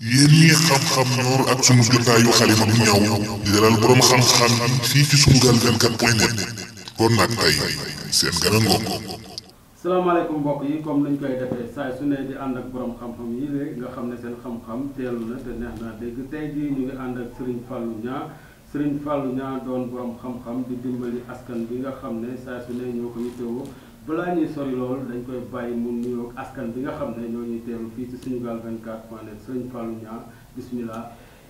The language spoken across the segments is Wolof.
yéen ñi xam-xam ñor ak sunu jotaayu xalima bu ñaw di dalal boroom xam-xam fii ci Sunugal 24 point net kon nag tey seen gana ngoog salaamaaleykum mbokk ko comme nañ koy defee saay su ne di ànd ak borom xam-xam yi léegi nga xam ne seen xam-xam teelu na te neex naa dégg tey jii ñu ngi ànd ak Serigne Fallou Niang Serigne Fallou Niang doon borom xam-xam di dimbali askan bi nga xam ne saay su ne ñoo ko yittewoo balaa ñuy sori loolu dañ koy bàyyi mu nuyoog askan bi nga xam ne ñoo ñuy teewlu fii ci Sunugal 24 point net sëñ Fallou Niang bisimilah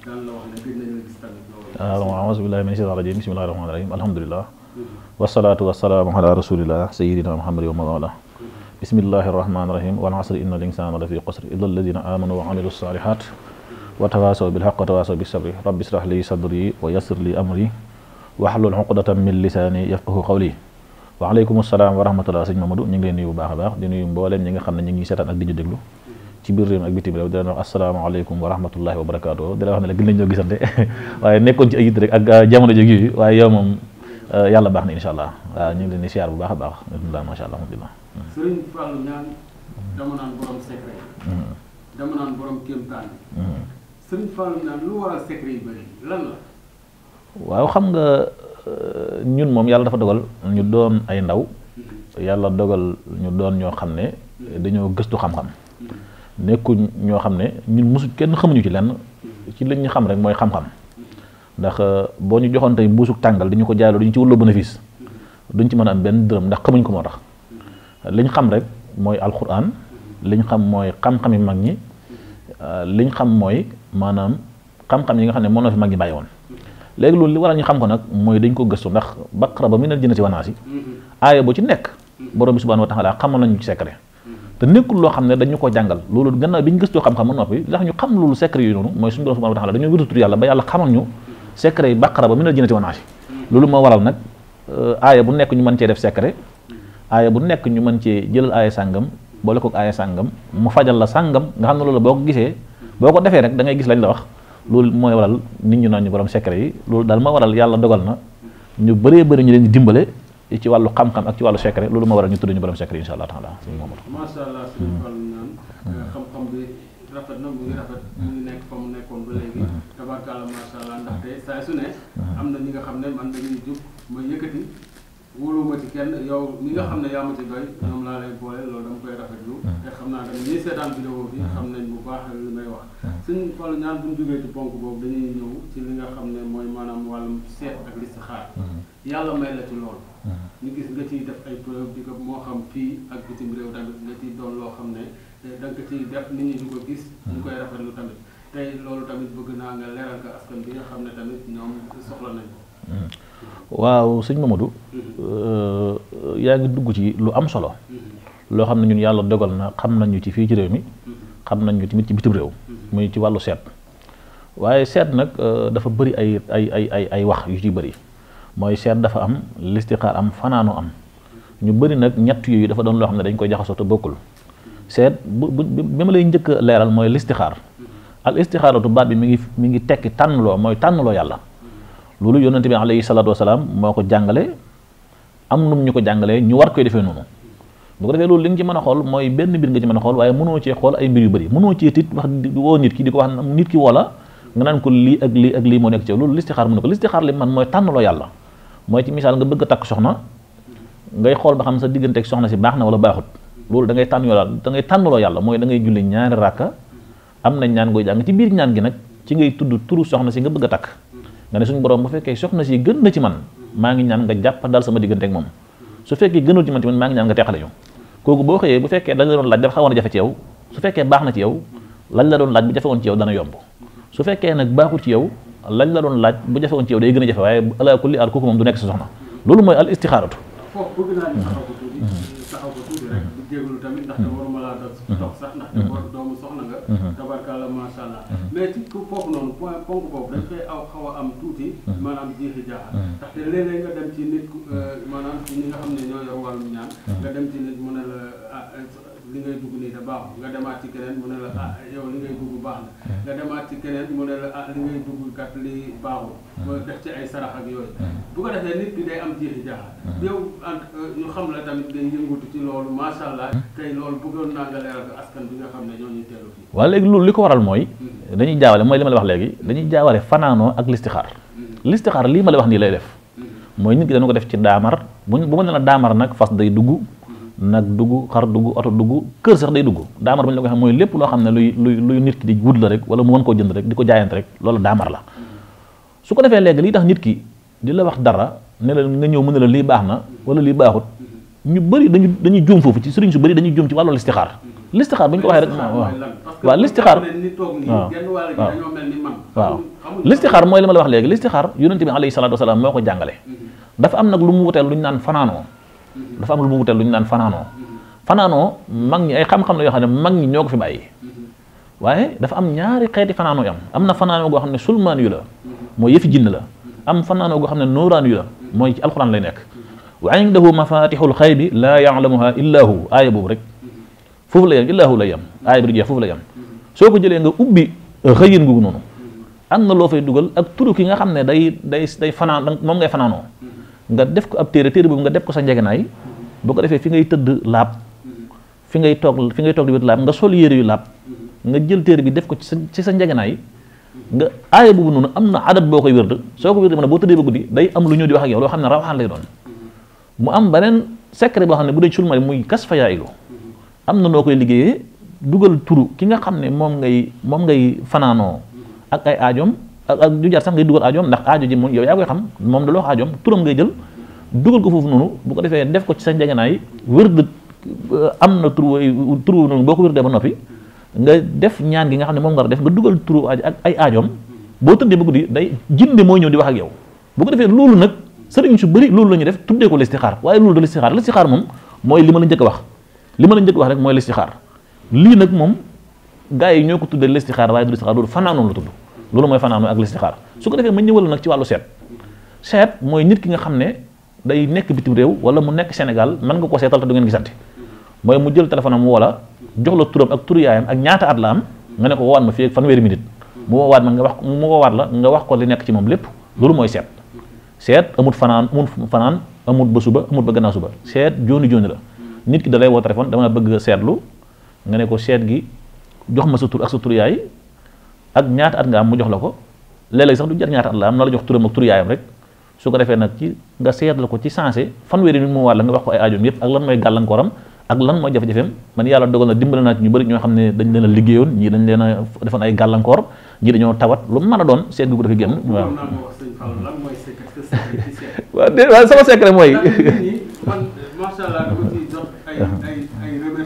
daan la wax ne gëj nañu la gis tamit loolu. waaw aouzu billahi mina shaytaani rajim bisimilah rahmaani rahim alhamdulilah. Mm-hmm. wasalaatu wasalaamu ala rasulillah sayidina muhammadi wa mawla. Mm-hmm. bismillahi rahmaani rahim wal asri inna al insana la fi qasri illa alladina amanu wa amilu salihat wa tawasaw bil haqqi wa tawasaw bis sabri rabbi israh li sadri wa yassir li amri wahlul uqdatan min lisani yafqahu qawli waaleykum salaam wa rahmatullah sëñ Mamadou ñu ngi leen nuyu bu baax a baax di nuyu mbooleem ñi nga xam ne ñu ngi seetaan ak di ñu déglu ci biir réew mi ak bitim wa rahmatullahi wa barakaatu di la waaye nekkoon ci ay it rek ak ah, jamono jog yooyu waaye yow moom ah, yàlla baax na insha allah waaw ñu ngi leen di siyaar bu baax a baax hmm. hmm. la waaw xam nga Euh, ñun moom yàlla dafa dogal ñu doon ay ndaw yàlla dogal ñu doon ñoo xam ne dañoo gëstu xam-xam nekkuñ ñoo xam ne ñun mosu kenn xamuñu ci lenn ci lañ ñu xam rek mooy xam-xam ndax euh, boo ñu joxoon tey mbuusuk tàngal dañu ko jaayloo dañu ci wëlloo bénéfice duñ ci mën a am benn dërëm ndax xamuñ ko moo tax liñ xam rek mooy alquran liñ xam mooy xam-xami mag ñi euh, liñ xam mooy maanaam xam yi nga xam ne moom na fi mag ñi bàyyi woon léegi loolu li waral ñu xam ko nag mooy dañ ko gëstu ndax baqara ba minal jinnati wan naasi mm-hmm. aaya bu ci nekk borom bi subhanahu wa taala xamal nañu ci secret mm-hmm. te nekkul loo xam ne dañu ko jàngal loolu gannaaw bi ñu gëstoo xam-xam ba noppi ndax ñu xam loolu secret yi noonu mooy suñu borom subhanahu wa taala dañoo wérutur yàlla ba yàlla xamal ñu secret yi baqara mm-hmm. loolu moo waral nag euh, aaya bu nekk ñu mën cee def secret aaya bu nekk ñu mën cee jëlal aaya sàngam boole ko aaya sàngam mu fajal la sàngam nga xam ne loolu boo ko gisee boo ko defee rek da gis lañ la wax loolu mooy waral nit ñu naan ñu borom yi loolu daal ma waral yàlla dogal na ñu bëree bëri ñu leen di dimbale ci wàllu xam-xam ak ci wàllu secret loolu ma waral ñu tudd ñu borom secret incha allah taala. macha allah suñu fan naan hmm. euh, xam-xam bi rafet na mu ngi rafet mu nekk fa mu nekkoon ba léegi hmm. tabarkàlla macha allah ndaxte hmm. saa su ne am na ñi nga xam ne man dañuy jóg ma yëkkati wóoluwuma ci kenn yow mi nga mm-hmm. xam ne yaa ma ci doy mm-hmm. ñoom laa lay boole loolu dama koy rafetlu mm-hmm. te xam naa tamit ñiy seetaan bi xam nañ bu baax li may wax suñ wàllu ñaan buñ jógee ci ponk boobu dañuy ñëw ci li nga xam ne mooy maanaam wàllum seet ak listixaar yàlla may la ci ñu gis nga ciy def ay preuve di ko xam fii ak bitim réew tamit nga ciy loo xam ne eh, da nga ciy def nit ñi di ko ñu koy rafetlu tamit tey loolu tamit bëgg naa nga leeral askan bi nga xam ne tamit ñoom soxla nañ ko waaw sëñ Mamadou euh, yaa ngi dugg ci lu am solo loo xam ne ñun yàlla dogal na xam nañu ci fii ci réew mi xam nañu tamit ci bitim réew muy ci wàllu seet waaye seet nag euh, dafa bëri ay ay ay ay ay wax yu ci bari mooy seet dafa am listixaar am fanaano am ñu bari nag ñett yooyu dafa doon loo xam ne dañ koy jaxasoo te bokkul seet bu bi ma lay njëkk leeral mooy listixaar al istixaaratu baat bi mi ngi mi ngi tekki tànnloo mooy tànnloo yàlla loolu yonente bi alayhi salaatu wasalaam moo ko jàngale am num ñu ko jàngalee ñu war koy defee noonu bu ko defee loolu li nga ci mën a xool mooy benn mbir nga ci mën a xool waaye mënoo cee xool ay mbir yu bëri mënoo ki di nit ki wala nga naan ko lii ak ak lii moo nekk ci loolu listixaar mënu ko listixaar li man mooy tànnaloo yàlla mooy ci misaal nga bëgg a takk soxna ngay xool ba xam sa diggante ak soxna si baax na wala baaxut loolu dangay tànn yoo daal ngay tànnaloo yàlla mooy da ngay julli ñaari ràkka am na ñaan gooy jàng ci biir ñaan gi nag ci ngay tudd turu soxna si nga bëgg a takk nga ne suñu borom bu fekkee soxna si gën na ci man maa ngi ñaan nga jàpp daal sama diggante ak moom su fekkee gënul ci man tamit maa ngi ñaan nga teexale ñu kooku boo xëyee bu fekkee dañ la doon laaj dafa xawoon jafe ci fekkee baax na ci yow lañ la doon laaj bu jafewoon ci yow dana yomb su fekkee nag baaxul ci yow lañ la doon laaj bu jafewoon ci yow day gën a jafe waaye ala kulli al kooku moom du nekk sa soxna loolu mooy al istixaaratu foofu mais ci foofu noonu ponk boobu dañ koy aw a am tuuti. Mm-hmm. maanaam jiixi jaaxa. Mm-hmm. ndaxte léeg-léeg nga dem ci nit mm-hmm. euh, maanaam ci ñi nga xam ne ñoo yor wàllum ñaan. nga dem ci nit mu ne la ah, li ngay dugg nii da baaxul nga demaat ci keneen mu ne la ah yow li ngay dugg baax na nga demaat ci keneen mu ne la ah li ngay dugg kat li baaxul hmm. euh, hmm. bëggoon naa nga leeral ko loolu li ko waral mooy hmm. dañuy jaawale mooy li ma la wax léegi dañuy jaawale fanaanoo ak listixaar listixaar lii ma la wax nii lay def mooy nit ki dañu ko def ci daamar bu bu ma nee la daamar nag fas day dugg nag dugg xar dugg oto dugg kër sax day dugg daamar ba ñu la ko xam mooy lépp loo xam ne luy luy luy nit ki di wut la rek wala mu mën koo jënd rek di ko jaayante rek loolu daamar la su ko defee léegi lii tax nit ki di la wax dara ne la nga ñëw mu ne la lii baax na wala lii baaxut ñu bëri dañu dañuy juum foofu ci sëriñ su bëri dañuy juum ci wàllu listixaar listixaar bu ñu ko waxee rek waaw waaw listixaar waaw listixaar mooy li ma la wax léegi listixaar yonente bi alayhi salaatu wasalaam moo ko jàngale mm-hmm. dafa am nag lu mu lu ñu naan fanaanoo dafa am lu mu wutal lu ñu naan fanaanoo fanaanoo mag ñi ay xam-xam la yoo xam ne mag ñi ñoo ko fi bàyyi waaye dafa am ñaari xeeti fanaanoo yi am na fanaanoo goo xam ne sulmaan yu la mooy yëfi jinn la am fanaanoo goo xam ne nooraan yu la mooy ci alxuraan lay nekk wa indahu mafatixul xaybi laa yaalamuha illa hu aaya boobu rek foofu la yem illa hu la yem aaya bi du jeex foofu la yem soo ko jëlee nga ubbi xëyin googu noonu am na loo fay dugal ak turu ki nga xam ne day day day fanaan moom ngay fanaanoo nga def ko ab téere téere boobu nga def ko sa njegenaay boo ko defee fi ngay tëdd laab fi ngay toog fi ngay toog di wét laab nga sol yére yu laab nga jël téere bi def ko ci sa ci sa njegenaay nga aaya boobu noonu am na adat boo koy wérd soo ko wérd mën a boo tëddee ba guddi day am lu ñëw di wax ak yow loo xam ne rawaxaan lay doon mu am beneen secret boo xam ne bu dee sulmari muy kas fa yaayilu am na noo koy liggéeyee dugal turu ki nga xam ne moom ngay moom ngay fanaanoo ak ay aajoom ak du jar sax ngay dugal aajoom ndax aajo ji moom yow yaa koy xam moom da loo aajoom turam ngay jël dugal ko foofu noonu bu ko defee def ko ci sa njeganaay wér de euh, am na turu turu noonu boo ko wér de ba noppi nga def ñaan gi nga xam ne moom nga def nga dugal tur aajo ak ay aajoom boo tëddee ba guddi day jinde mooy ñëw di wax ak yow bu ko defee loolu nag sëriñ su bari loolu la ñuy def tuddee ko listixaar waaye loolu da listixaar listixaar moom mooy li ma la njëkk wax li ma la njëkk wax rek mooy listixaar lii nag moom gars yi ñoo ko tuddee listixaar waaye du listixaar loolu fanaanoon la tudd loolu mooy fanaanu ak listixaar su ko defee ma ñëwal nag ci wàllu seet seet mooy nit ki nga xam ne day nekk bitim réew wala mu nekk Sénégal mën nga ko seetal te du ngeen gisante mooy mu jël téléphone am wala jox la turam ak turu yaayam ak ñaata at la am nga ne ko woowaat ma fii ak fanweeri minute mu woowaat ma nga wax mu woowaat la nga wax ko li nekk ci moom lépp loolu mooy seet seet amut fanaan amut fanaan amut ba suba amut ba gannaaw suba seet jooni jooni la nit ki da woo téléphone dama bëgg seetlu nga ne ko seet gi jox ma sa tur ak sa tur ak ñaata at nga am mu jox la ko léeg sax du jar ñaata at la am na la jox turam ak tur yaayam rek su ko defee nag ci nga seetal ko ci sensé fanweeri nit mu wàll nga wax ko ay aajoom yëpp ak lan mooy gàllankooram ak lan mooy jafe-jafeem man yàlla dogal na dimbale naa ci ñu bëri ñoo xam ne dañ leen a liggéeyoon dañ leen a ay gàllankoor ñii dañoo tawat lu mën a doon seet gu ko dafa génn waaw waaw de waaw sama secret mooy macha allah dama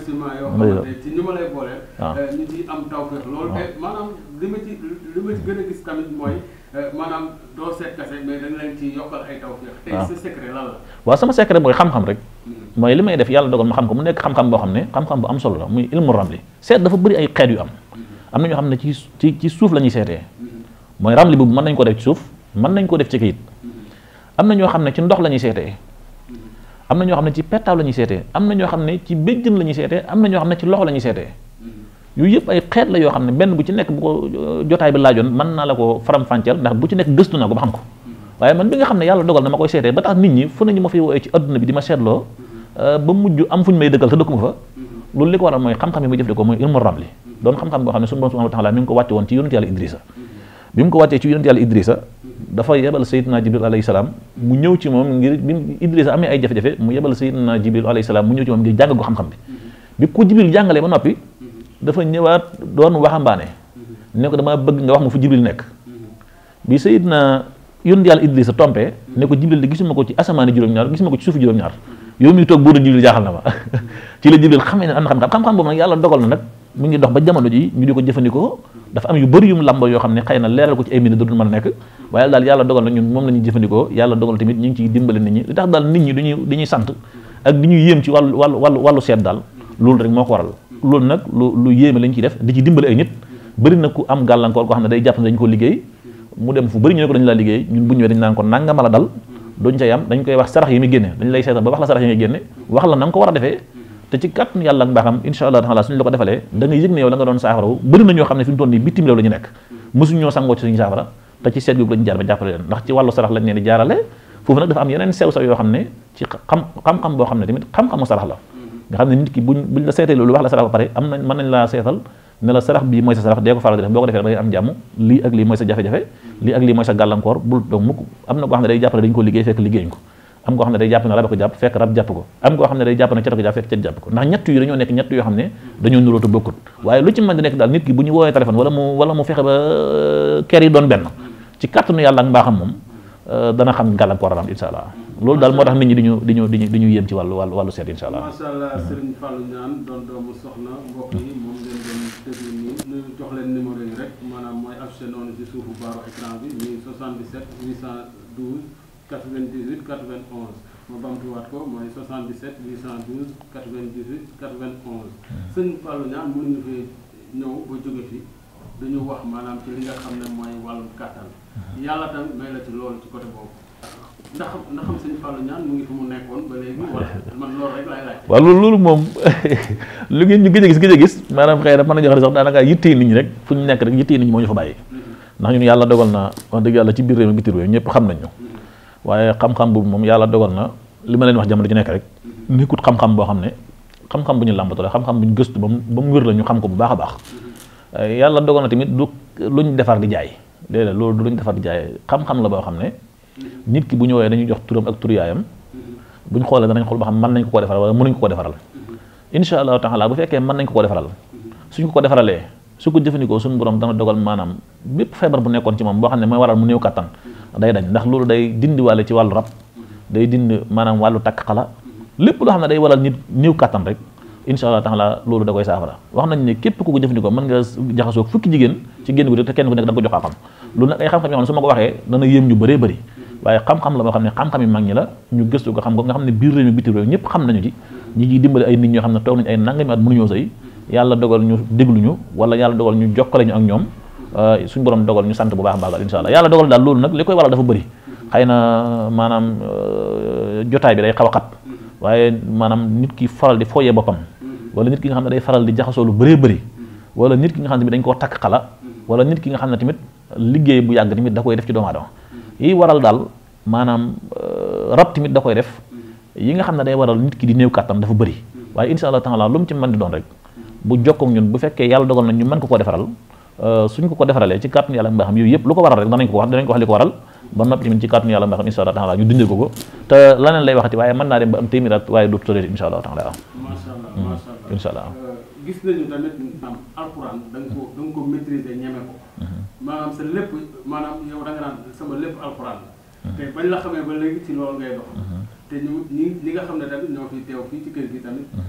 ciy ma lay boole ñu li ma ci li ma gën a gis tamit mooy euh, maanaam doo seet kase xam-xam rek. Hmm. mooy li may def yàlla dogal ma xam ko mu nekk xam boo xam ne xam bu am solo la muy ilmu ramli seet dafa bëri am. Hmm. am na ñoo xam ne ci ci ci suuf la ñuy seetee. Hmm. mooy ramli boobu mën nañ ko def ci suuf mën nañ ko def ci kayit. am na ñoo xam ne ci ndox la ñuy seetee. am na ñoo xam ne ci pettaaw la ñuy seetee am na ñoo xam ne ci béjjën la ñuy seetee am na ñoo xam ne ci loxo la ñuy seetee yooyu yëpp ay xeet la yoo xam ne benn bu ci nekk bu ko euh, jotaay bi laajoon mën naa la ko faram-fàcceel ndax bu ci nekk gëstu na ko ba xam ko waaye man bi nga xam ne yàlla dogal na koy seetee ba tax nit ñi fu nañu ma fi woowee ci adduna bi di ma seetloo euh, ba mujj am fu ñu ma jëfandikoo mooy wa taala mi ngi ko wàcce woon ci yonent yàlla Idrissa bi mu ko wàccee ci yonent yàlla Idrissa dafa yebal sayyidina jibril alayhi salaam mu ñëw ci moom ngir bi Idrissa amee ay jafe-jafe mu yebal sayyidina jibril alayhi salaam mu ñëw ci moom ngir jàng ko dafa ñëwaat doon waxambaane ne damaa bëgg nga wax ma fu jibril nekk bi sayidna yónni yàlla idrisa tompee ne ko jibril de gisuma ko ci asamaani juróom-ñaar gisuma ko ci suufi juróom-ñaar yow miy toog buur jibril jaaxal na ma ci la jibril xamee ne am na xam-xam xam-xam nag yàlla dogal na mu ngi dox ba jamono ji ñu di ko jëfandikoo dafa am yu bëri yum làmba yoo xam ne xëy na leeral ko ci ay mbir dootul mën a nekk waaye daal yàlla dogal na ñun moom la ñuy jëfandikoo yàlla dogal tamit ñu ngi ciy dimbale nit ñi li tax daal nit sant ak di ñuy yéem ci wàllu wàllu wàllu wàllu seet daal loolu rek moo ko waral loolu nag lu lu yéeme lañ ci def di ci dimbali ay nit bëri na ku am gàllankoor koo xam ne day jàpp ne dañ ko liggéey mu dem fu bëri ñu ne ko dañu laa liggéey ñun bu ñëwee dañ naan ko nangama la dal duñ ca yam dañ koy wax sarax yi muy génne dañ lay seetal ba wax la sarax yi ngay génne la na nga a defee la ko defalee da nga yëg ne yow la nga doon saafarawu bëri na ñoo xam ne fi mu toll nii bitim réew la ñu nekk mosuñ ñoo sangoo ci suñu saafara te ci seet googu lañu jaar ba jàppale leen ndax ci wàllu sarax lañ leen di jaarale foofu nag dafa am yeneen sew saw xam ne ci xam xam-xam boo la nga xam ne nit ki buñ buñ la seetee loolu wax la sarax ba pare am nañ mën nañ laa seetal ne la sarax bii mooy sa sarax dee ko faral def boo ko defee da ngay am jàmm lii ak lii mooy sa jafe-jafe lii ak lii mooy sa gàllankoor bul doog mukk am na koo xam ne day jàpp ne dañu ko liggéey fekk liggéeyuñ ko am koo xam ne day jàpp ne rab ko jàpp fekk rab jàpp ko am koo xam ne day jàpp ne cat ko jàpp ko ndax ñett yu dañoo nekk ñett yoo xam ne dañoo nuróotu bokkut ba ker yi doon benn ci kàttanu yàlla ak mbaaxam moom euh, loolu daal moo tax nit ñi di ñu di ñu di ñu yéem ci wàllu wàllu wàllu seet incha allah. macha allah Serigne Fallou Niane doon doomu soxna mbokk yi moom ngeen doon déglu nii ñu jox leen numéro yi rek maanaam mooy affiché noonu ci suufu baaru écran bi muy 77 812 98 91 ma bamtuwaat ko mooy 77 812 98 91. Serigne Fallou Niane mënuñu fee ñëw ba jóge fi dañu wax maanaam ci li nga xam ne mooy wàllu kàttan. Mm-hmm. yàlla tam may la ci loolu ci côté boobu. ndax loolu loolu moom lu ngeen ñu gëj a gis gëj a gis maanaam xëy na mën nañu wax ne sax daanaka yittee nit ñi rek fu ñu nekk rek yittee nit ñi moo ñu fa bàyyi mm-hmm. ndax ñun yàlla dogal na wax dëgg yàlla ci biir réew mi bitim réew ñëpp xam nañu mm-hmm. waaye xam-xam boobu moom yàlla dogal na li ma leen wax jamono ci nekk rek mm-hmm. nekkut xam-xam boo xam ne xam-xam bu ñu làmbatoo la xam-xam bu ñu gëstu ba mu ba mu wér la ñu xam ko bu baax a baax eh, yàlla dogal na tamit du luñ defar di jaay déedéet loolu du luñ defar di jaay xam la boo xam ne nit ki bu ñëwee dañuy jox turam ak tur yaayam bu ñu xoolee danañ xool ba xam mën nañ ko ko defaral wala mënuñ ko ko defaral incha allahu taala bu fekkee mën nañ ko ko defaral ñu ko ko defaralee su ko jëfandikoo suñu borom dana dogal maanaam bépp feebar bu nekkoon ci moom boo xam ne mooy waral mu néew kattan day dañ ndax loolu day dindi wàlle wàllu rab day dindi maanaam wàllu takk xala lépp loo xam ne day waral nit néew kattan rek incha allah taala loolu da koy wax nañ ne képp ku ko jëfandikoo mën nga jaxasoo fukki jigéen ci génn guddi te kenn ku nekk da nga ko jox su ma ko waxee dana yéem ñu bëree bëri waaye xam-xam la boo xam ne xam-xam yi mag ñi la ñu gëstu ko xam ko nga xam ne biir réew mi bitim réew ñëpp xam nañu ci ñi ciy dimbali ay nit ñoo xam ne toog nañu ay nangami at mënuñoo sëy yàlla dogal ñu déglu ñu wala yàlla dogal ñu jokkale ñu ak ñoom euh, suñ borom dogal ñu sant bu baax a baax insha allah yàlla dogal daal loolu nag li koy waral dafa bëri xëy na maanaam euh, jotaay bi day xaw a xat waaye maanaam nit ki faral di fooyee boppam wala nit ki nga xam ne day faral di jaxasoo lu bëree bëri wala nit ki nga xam ne bi dañ koo takk xala wala nit ki nga xam ne tamit liggéey bu yàgg tamit da koy def ci doomu aadama yi waral daal maanaam euh, rab tamit da koy def yi nga xam ne day waral nit ki di néew kàttan dafa bëri waaye insha allah taala lu mu ci mën di doon rek bu jokkoog ñun bu fekkee yàlla dogal na ñu mën ko ko defaral euh, suñ ko ko defaralee ci kàttanu yàlla mbaaxam yooyu yëpp lu ko waral rek danañ ko wax danañ ko wax li ko waral ba noppi tamit ci kàttanu yàlla mbaaxam insha allah taala ñu dundee ko ko te laneen lay waxati waaye mën naa dem ba am téeméeraat waaye gis nañu tamit maanaam alxuraan da ko da nga ko maîtriser ñeme ko. Mhm. maanaam sa lépp maanaam ñëw da nga sama lépp alxuraan mhm. te bañ la xamee ba léegi ci loolu ngay dox. Mhm. te ñu ñi ñi nga xam ne tamit ñoo fi teew fii ci kër gi tamit mhm.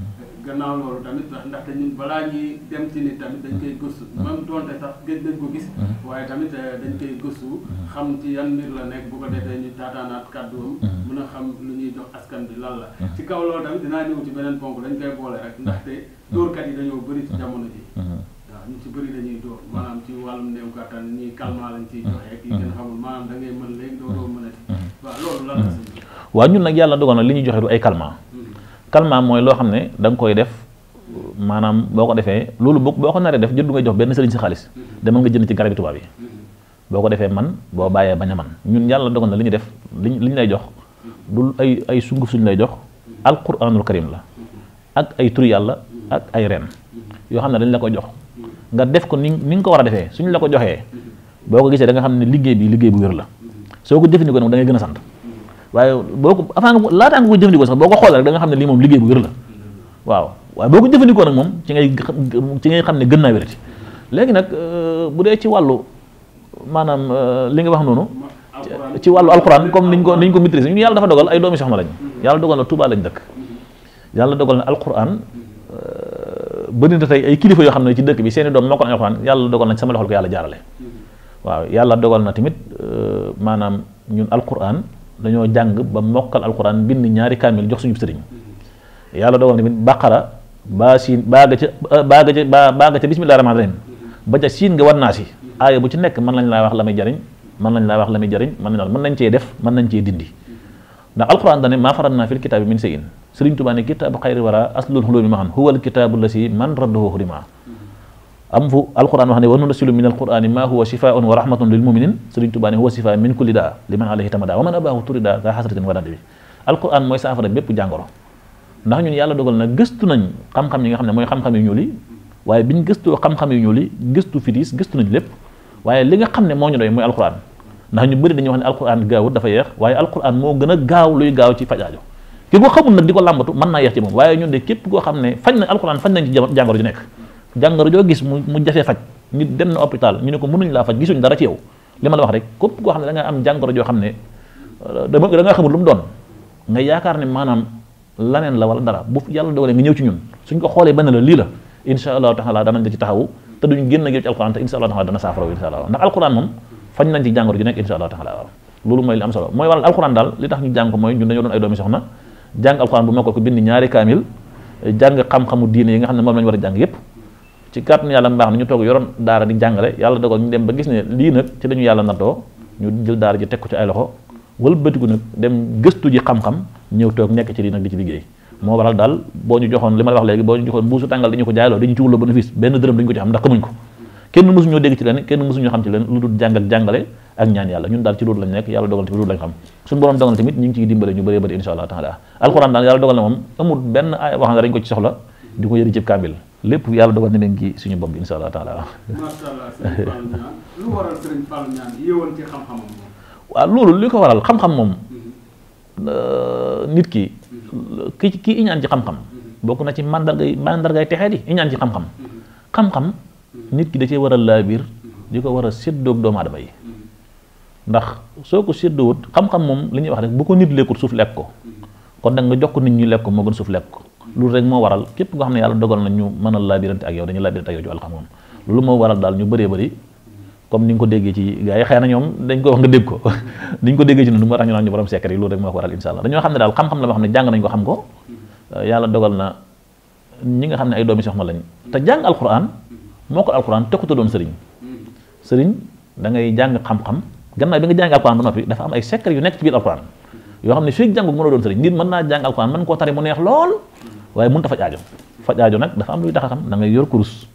gannaaw loolu tamit ndax ndaxte ñun balaa ñuy dem ci nit tamit dañ koy gëstu mhm. même doonte sax gëj nañ ko gis mhm. waaye tamit euh, dañ koy gëstu xam ci yan mbir la nekk bu ko defee ñu taataanaat kàdduwam mun a xam lu ñuy jox askan bi lan la ci kaw loolu tamit dinaa ñëw ci beneen ponk dañ koy boole rek ndaxte dóorkat yi dañoo bari ci jamono ji waaw ñu ci bëri dañuy dóor maanaam ci wàllum néew kàttan ñu calmant lañ ciy joxee maanaam da ngay mën léegi mën a waaw waa ñun nag yàlla dogal na li ñuy joxe du ay calmant calmant mooy loo xam ne da nga koy def maanaam boo ko defee loolu boo boo ko naree def jëndu nga jox benn sëriñ si xaalis demal nga jënd ci garabi tubaab yi boo ko defee man boo bàyyee bañ a man ñun yàlla dogal na li ñu def liñ li ñu lay jox du ay ay sunguf suñu lay jox alquranul karim la ak ay turu yàlla ak ay ren yoo xam ne dañ la ko jox nga def ko ni ni nga ko war a defee suñu la ko joxee bo gisee da nga xam liggéey bi liggéey bu wér la soo ko jëfandikoo nag da ngay gën a sant waaye boo ko avant nga laataa nga koy jëfandikoo sax boo ko xoolee rek da xam ne lii moom liggéey bu wér la waaw waaye boo ko jëfandikoo nag moom ci ngay ci ngay xam ne gën naa wérati léegi nag euh, bu dee ci wàllu maanaam euh, li nga wax noonu ci wàllu alxuraan comme niñ ko niñ ko maîtriser ñu yàlla dafa dogal ay doomi soxna lañ yàlla dogal na Touba lañ dëkk yàlla dogal na alxuraan euh, bëri na tey ay kilifa yoo xam ne ci dëkk bi seeni doom moo ko alxuraan yàlla dogal na sama loxol ko yàlla jaarale waaw yàlla dogal na tamit maanaam ñun dañoo jàng ba mokkal alquran bind ñaari kaamil jox suñu sëriñ yàlla dogal tamit baqara baa siin baa ga ca baa ga ca baa ga ca bismillahi rahmaani rahim ba ca siin nga war naa si aaya bu ci nekk mën lañ laa wax la muy jariñ mën lañ laa wax la muy jariñ mën nañ mën nañ cee def mën nañ cee dindi ndax alquran dane maa farat naa fil kitaabi min sey in sëriñ Tuubaa ne kitaabu xayri wara aslul xulóomi ma xam huwal kitaabu am fu alquran wax ne wa nunasilu min alqurani ma huwa shifaun wa rahmatun lil muminin sëriñ Tuubaa ne huwa shifa min kulli daa liman alayhi tamada wa man abaahu turida daa xasratin wadad bi alquran mooy saafara bépp jàngoro ndax ñun yàlla dogal na gëstu nañ xam-xam yi nga xam ne mooy xam-xam yu ñuul yi waaye biñ gëstoo xam-xam yu ñuul yi gëstu fitis gëstu nañ lépp waaye li nga xam ne moo ñu doy mooy alquran ndax ñu bari dañuy wax ne alquran gaawut dafa yeex a gaaw luy gaaw ci fajaajo ki ko xamul nag ko làmbatu mën naa yeex waaye ñun képp koo xam ne fañ na alquran fañ nañ ci jàngoro ju nekk jàngaro joo gis mu mu jafe faj nit dem na hôpital ñu ne ko mënuñ laa faj gisuñ dara ci yow li ma la wax rek képp koo xam ne da nga am jàngoro joo xam ne euh, da nga lu mu doon yaakaar ne maanaam laneen la wala dara bu yàlla dogalee ko xoolee benn lii la insha allahu la ci taxawu te duñ ci alquran te insha allahu taala dana saafaraw insha allah ndax alquran moom fañ nañ ci jàngoro ji nekk insha allahu am solo mooy waral alquran daal li tax ñu jàng ko mooy ñun dañoo doon ay doomi soxna jàng alquran bu mokkal ko bind ñaari kaamil jàng xam-xamu diine yi nga xam ne moom lañ war a jàng yépp ci kàttanu yàlla mbaax na ñu toog yoroon daara di jàngale yàlla dogal la ñu yàlla nattoo ñu jël daara la wax léegi boo ñu joxoon mbuusu tàngal dañu ko jaayloo dañu ci wuloo bénéfice benn dërëm dañu ko ci xam ndax xamuñ ko kenn mësu ñoo kenn mësu ñoo xam ci leen lu dul jàngal jàngale ak ñaan yàlla ñun daal ci loolu lañ nekk yàlla dogal tamit loolu lañ xam na moom amul benn ay wax dañ ko ci soxla di ko yëri cib kaamil lépp yàlla dogal na mi ngi suñu bopp bi incha allah taala. lu waral sëriñ Fallou Niang yéewoon ci xam loolu li ko waral xam moom. Mhm. Euh, nit ki. Mhm. ki ki iñaan ci mhm. bokk na ci mandargay mandargay texee di iñaan ci xam nit ki da cee war a laabiir di ko war a séddoog doomu aadama yi. ndax soo ko séddoowut xam-xam moom li ñuy wax rek bu ko nit lekkut suuf lekk ko kon nag nga jox ko nit ñi lekk ko moo gën suuf lekk ko. loolu rek moo waral képp koo xam ne yàlla dogal na ñu mën a laabirante ak yow dañu laabirante ak yow ci alxamoon loolu moo waral daal ñu bëree bëri comme ni nga ko déggee ci gars yi na ñoom dañ ko wax nga dégg ko dañ ko déggee ci noonu moo tax ñu naan ñu borom secret yi loolu rek moo ko waral insha allah dañoo xam ne daal xam-xam la boo xam ne jàng nañ ko xam ko euh, yàlla dogal na ñi nga xam ne ay doomi soxna lañ te jàng alquran moo ko alquran tekkuta doon sëriñ sëriñ da ngay jàng xam-xam gannaaw bi nga jàng alquran ba noppi dafa am nekk ci biir alquran yoo xam ne fii jàngu mënoo doon sëriñ nit mën naa jàng alxuraan mën koo tari mu neex lool waaye mënut a faj aajo faj aajo nag dafa am luy tax a da ngay yor kurus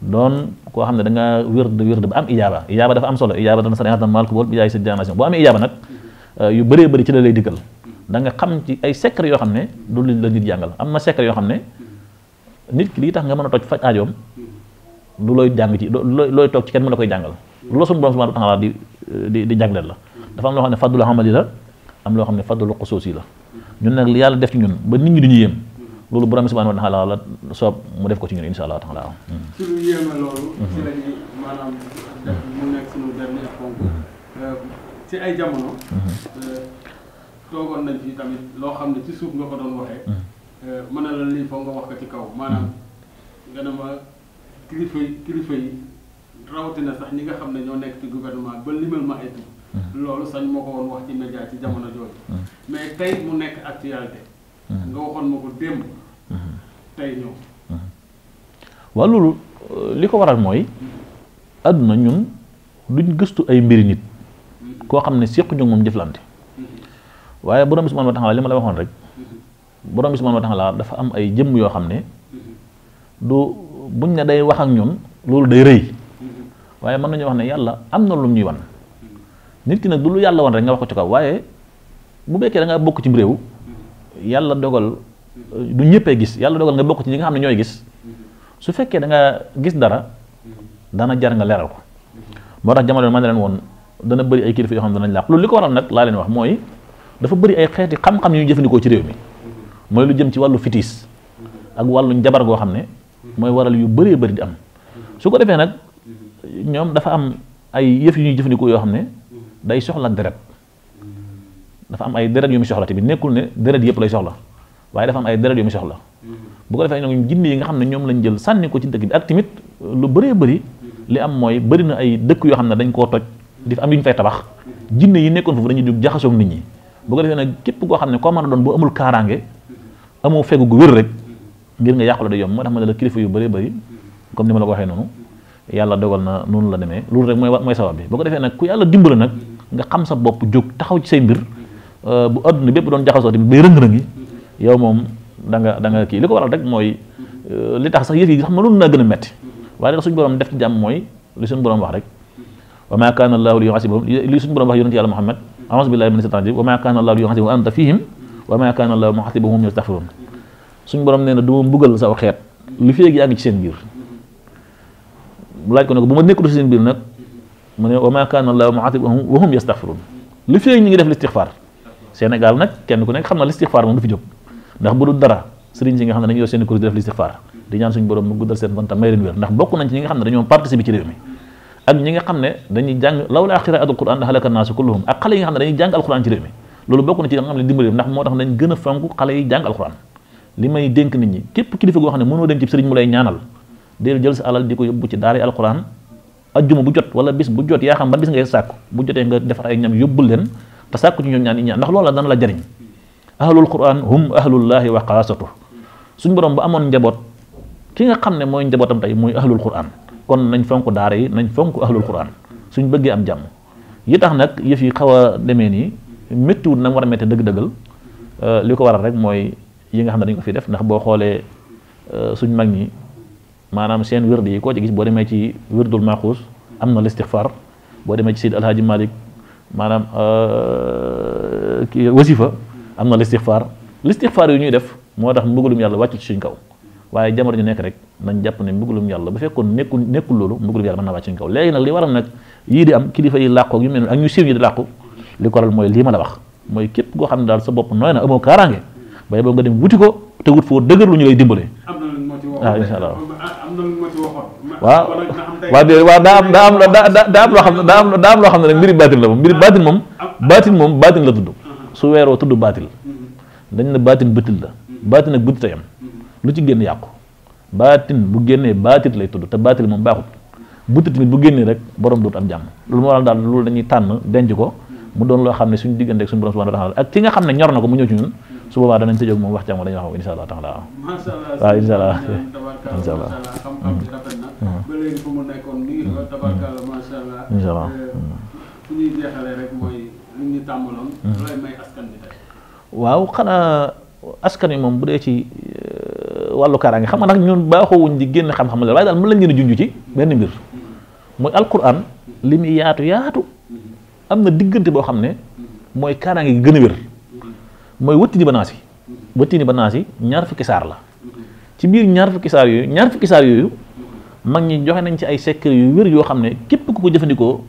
doon koo xam ne da nga wérd wérd ba am ijaaba ijaaba dafa am solo ijaaba dana sa tan maal ko bool ijaay sa janation boo amee ijaaba nag euh, yu bëree bëri ci la lay dikkal da nga xam ci ay secret yoo xam ne du lu la nit jàngal am na secret yoo xam ne nit ki lii tax nga mën a toj faj aajoom du looy jàng ci looy looy toog ci kenn mën la koy jàngal loolu suñu borom subhanahu wa taala di di di jàngleel la dafa am loo xam ne faddu la xamali la am loo xam ne fadlu xusuus yi la ñun nag yàlla def ci ñun ba nit ñi duñu yéem loolu borom bi subhanahu wa taala la mu def ko ci ñun insha allah taala ci ay jamono mm-hmm. euh, toogoon nañ fi tamit loo xam ne ci suuf nga ko doon waxee mën mm-hmm. euh, na la lii foog nga wax ko ci kaw maanaam mm-hmm. nga ne ma kilifa kilifa yi rawatina sax ñi nga xam ne ñoo nekk ci gouvernement ba limal ma ay loolu sañ ma ko woon wax ci ci jamono jooju. Mm. mais tey mu nekk actualité. Mm. nga waxoon ma ko démb. Mm. tey ñëw. waaw loolu euh, li ko waral mooy. àdduna ñun duñ gëstu ay mbiri nit. Mm-hmm. koo xam ne séqu ñu moom jëflante. Mm-hmm. waaye borom bi subhanahu wa li ma lay waxoon rek. Mm-hmm. borom bi subhanahu wa dafa am ay jëmm yoo xam ne. du buñ ne day wax ak ñun loolu day rëy. waaye mën nañu wax ne yàlla am na lu ñuy wan. nit ki nag du lu yàlla woon rek nga wax ko ci kaw waaye mu bekkee da nga bokk ci réew yàlla dogal du ñëppee gis yàlla dogal nga bokk ci ñi nga xam ne ñooy gis su fekkee da nga gis dara dana jar nga leeral ko moo tax jamono man ne leen woon dana bari ay kilifa yoo xam ne danañ làq loolu li ko waral nag laa leen wax mooy dafa bëri ay xeeti xam-xam yu ñu jëfandikoo ci réew mi mooy lu jëm ci wàllu fitis ak wàllu njabar goo xam ne mooy waral yu bëree bari di am su ko defee nag ñoom dafa am ay yëf yu jëfandikoo yoo xam ne day soxla deret dafa am ay deret yu mu soxla tamit nekkul ne deret yëpp lay soxla waaye dafa am ay deret yu mu soxla bu ko defee ñoom jinne yi nga xam ne ñoom lañ jël sànni ci dëkk bi ak tamit bëri li am mooy bëri na ay dëkk yoo xam ne dañ koo toj di am yu ñu fay tabax jinne yi nekkoon foofu dañuy jóg jaxasoog nit ñi bu ko defee nag képp koo xam ne koo mën a boo amul kaaraange amoo fegu gu wér rek ngir nga yàqula da yomb moo tax ma ne kilifa yu bëree bëri comme ni ma la waxee noonu yàlla dogal na noonu la demee loolu rek mooy mooy sabab bi bu ko defee ku yàlla dimbale nag nga xam sa bopp jóg taxaw ci say mbir euh, bu adduna bépp doon jaxasoo tamit bay rëng-rëng yi yow moom da nga da nga kii li ko waral rek mooy euh, li tax sax yëf yi xam mënoon naa gën a metti waaye suñu borom def ci jàmm mooy li suñu borom wax rek wa ma kaana allahu li yuhasibahum li suñu borom wax yonent yàlla Muhammad a'uuzu billahi mina shaytaani rajiim wa ma kaana allahu li yuhasibahum wa anta fihim wa ma kaana allahu muhasibahum hum yastaghfiruun suñu borom nee na du ma mbugal saw xeet li feeg yaa ngi ci seen biir laaj ko ne ko bu ma nekkul ci seen biir nag mu ne wa ma kaana allahu mu'aatibahum wa hum yastaghfiruun li fee ñu ngi def listixfaar Sénégal nag kenn ku nekk xam na listixfaar moom du fi jóg ndax bu dul dara sëriñ si nga xam ne dañuy yor seen kuréel di def qur'aan la halaka naasu kulluhum ak xale yi nga xam ne dañuy jàng alquran ci réew mi loolu bokk na ci nga xam ne dimbali ndax moo tax nañ gën a fonk xale yi jàng alquran li may dénk nit ñi képp kilifa goo xam ne mënoo dem ci sëriñ mu lay ñaanal deel jël sa alal di ko yóbbu ci daara alquran ajjuma bu jot wala bis bu jot yaa xam ban bis ngay sàkku bu jotee nga defar ay ñam yóbbul leen te sàkku ci ñoom ñaan ñaan ndax loola dana la jariñ ahlul quran hum ahlullahi wa xaasatu suñ borom ba amoon njaboot ki nga xam ne mooy njabootam tey mooy ahlul quran kon nañ fonk daara yi nañ fonk ahlul quran suñ bëggee am jàmm yi tax nag yëf yi xaw a demee nii méttiwul na mu war a métti dëgg-dëggal euh, li ko waral rek mooy yi nga xam ne dañ ko fi def ndax boo xoolee euh, suñ mag ñi maanaam seen wird yi koo ci gis boo demee ci wirdul maxuus am na listixfaar boo demee ci Seydi Alhaaji Malick maanaam euh, wasifa am na listixfaar listixfaar yu ñuy def moo tax mbugalum yàlla wàccu ci suñ kaw waaye jamono ñu nekk rek nañ jàpp ne mbugalum yàlla bu fekkoon nekkul nekkul loolu mbugalum yàlla mën na wàcc suñ kaw léegi nag li waral nag yii di am kilifa yi làqu ak yu mel ak ñu siiw ñi di làqu li ko waral mooy lii ma la wax mooy képp koo xam ne daal sa bopp nooy na amoo kaaraange bay boo nga dem wuti ko te foo dëgër lu ñu waa waaw déedéet waaw daa am daa am daa am loo xam ne daa am daa am loo xam ne nag mbiri baatil la moom mbiri baatil moom baatil moom baatil la tudd uh-huh. su weeroo tudd baatil mm-hmm. dañ ne baatin bëtil la mm-hmm. baatin ak bëtit yam mm-hmm. lu ci génn yàqu baatin bu génnee baatit lay tudd te baatil moom baaxut bëtit tamit bu génnee rek borom doot am jàmm loolu moo daal loolu dañuy tànn denc ko mu doon loo xam ne suñu diggante ak suñu borom subhanahu wa ak ki nga xam ne ñor na ko mu ñëw ci ñun su boobaa danañ tëjoo ak moom wax ci amoon dañuy wax incha allah taala fu ñuy jeexalee rek mooy li ñu tàmbaloon lay may askan bi tey waaw xanaa askan wi moom bu dee ci wàllu kaaraange xam nga nag ñun baaxoowuñ di génn xam-xam la daal mën lañ gën a junj ci benn mbir mooy alquran li muy yaatu yaatu am na diggante boo xam ne mooy kaaraange gi gën a wér mooy wëttini banaas yi wëttini banaas ñaar fukki saar la ci biir ñaar fukki saar yooyu ñaar fukki saar yooyu mag ñi joxe nañ ci ay secret yu wér yoo xam ne képp ku ko jëfandikoo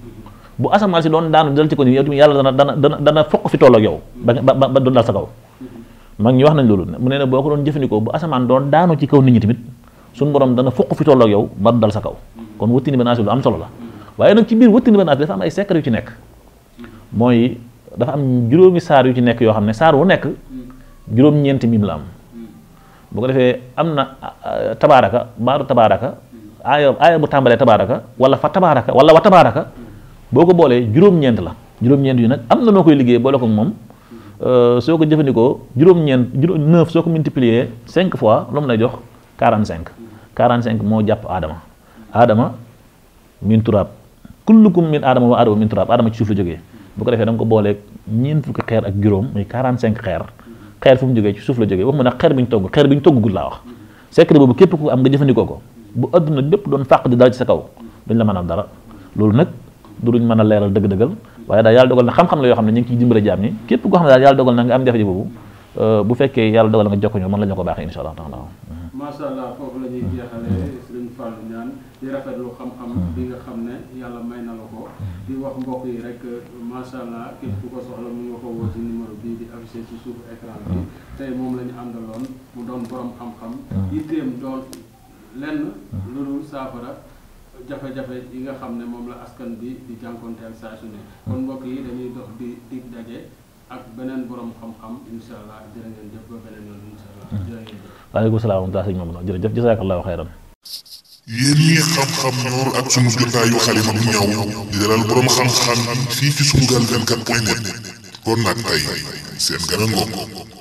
bu asamaan si doon daanu dal ci ko ni yow tamit yàlla dana dana dana fi toll yow ba ba ba doon dal sa ñi wax nañ loolu mu ne ne boo ko doon jëfandikoo bu asamaan doon daanu ci kaw nit ñi tamit suñu borom dana fokk fi toll ak yow ba dal sa kaw kon wëttini banaas yi lu am solo la waaye nag ci biir wëttini banaas bi dafa am ay secret yu ci nekk dafa am juróomi saar yu ci nekk yoo xam ne saar wu nekk juróom-ñeenti miim la am boo ko defee am na tabaaraka baaru tabaaraka aaya aaya bu tàmbalee tabaaraka wala fa tabaaraka wala wa tabaaraka boo ko boolee juróom-ñeent la juróom-ñeent yu nag am na noo koy liggéey boole ko moom euh, soo ko jëfandikoo juróom-ñeent juróom neuf soo ko multiplier cinq fois lu mu lay jox quarante cinq quarante cinq moo jàpp aadama aadama min turaab kullukum min aadama wa aadama aadama ci suuf jógee bu ko defee da nga ko boolee ñeent fukki xeer ak juróom muy 45 xeer xeer fu mu jógee suuf la jógee waxuma nag xeer bi ñu togg xeer bi ñu toggagul laa wax secret boobu képp ku am nga jëfandikoo ko bu adduna bépp doon fàq di dal ci sa kaw duñ la mën a dara loolu nag du luñ mën a leeral dëgg-dëggal waaye daal yàlla dogal na xam-xam la yoo xam ne ñu ngi ciy dimbale jaam ñi képp koo xam ne daal yàlla dogal na nga am jafe boobu Euh, bu fekkee yàlla dogal nga jokko ñoo mën la ñu ko baaxee incha allah taala macha allah foofu la ñuy hmm. jeexalee hmm. sëriñ Fallou Niane di rafetlu xam-xam hmm. bi nga xam ne yàlla may na la ko di wax mbokk yi rek macha allah képp ku ko soxla mu nga ko woo ci numéro bii di affiché ci suufu écran bi tey moom la ñu àndaloon mu doon borom xam-xam yitteem doon lenn lu dul saafara jafe-jafe yi nga xam ne moom la askan bi di jànkonteel saa su ne kon mbokk yi dañuy dox di dig ak beneen borom xam-xam incha allah jërë ngeen jëf ba beneen yoon hmm. yéen ñi xam-xam ñor ak sunu jotaayu xalima bu ñaw di dalal xam-xam fii ci sunugal 24 point net kon nag tey seen gën a